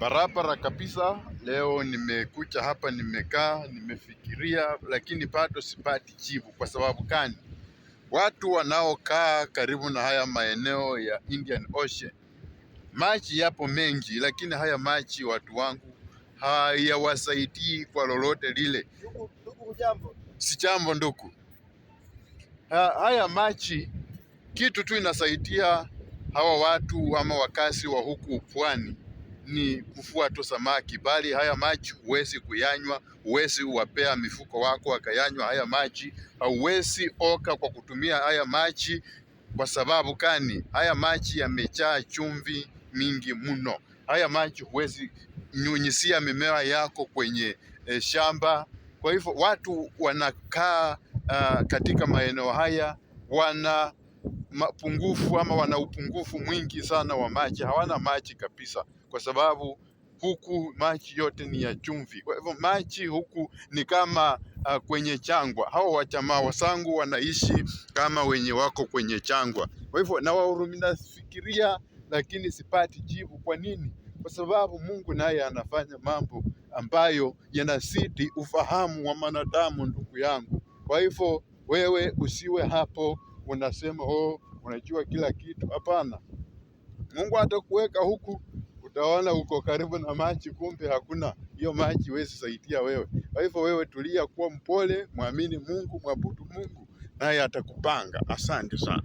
Barabara kabisa. Leo nimekuja hapa, nimekaa, nimefikiria, lakini bado sipati jibu. Kwa sababu gani? Watu wanaokaa karibu na haya maeneo ya Indian Ocean, maji yapo mengi, lakini haya maji watu wangu hayawasaidii kwa lolote lile. Si jambo ha, haya maji kitu tu inasaidia hawa watu ama wakazi wa huku pwani ni kufua tu samaki, bali haya maji huwezi kuyanywa, huwezi wapea mifuko wako wakayanywa haya maji, hauwezi oka kwa kutumia haya maji kwa sababu kani, haya maji yamejaa chumvi mingi mno. Haya maji huwezi nyunyisia mimea yako kwenye e, shamba. Kwa hivyo watu wanakaa uh, katika maeneo haya wana mapungufu ama wana upungufu mwingi sana wa maji, hawana maji kabisa, kwa sababu huku maji yote ni ya chumvi. Kwa hivyo maji huku ni kama uh, kwenye changwa. Hao wajamaa wasangu wanaishi kama wenye wako kwenye changwa. Kwa hivyo na wahurumi, nafikiria lakini sipati jibu. Kwa nini? Kwa sababu Mungu naye anafanya mambo ambayo yanasidi ufahamu wa mwanadamu, ndugu yangu. Kwa hivyo wewe usiwe hapo unasema oh, unajua kila kitu. Hapana, Mungu atakuweka huku, utaona uko karibu na maji, kumbe hakuna hiyo maji, iwezi saidia wewe. Kwa hivyo wewe tulia, kuwa mpole, mwamini Mungu, mwabudu Mungu, naye atakupanga. Asante sana.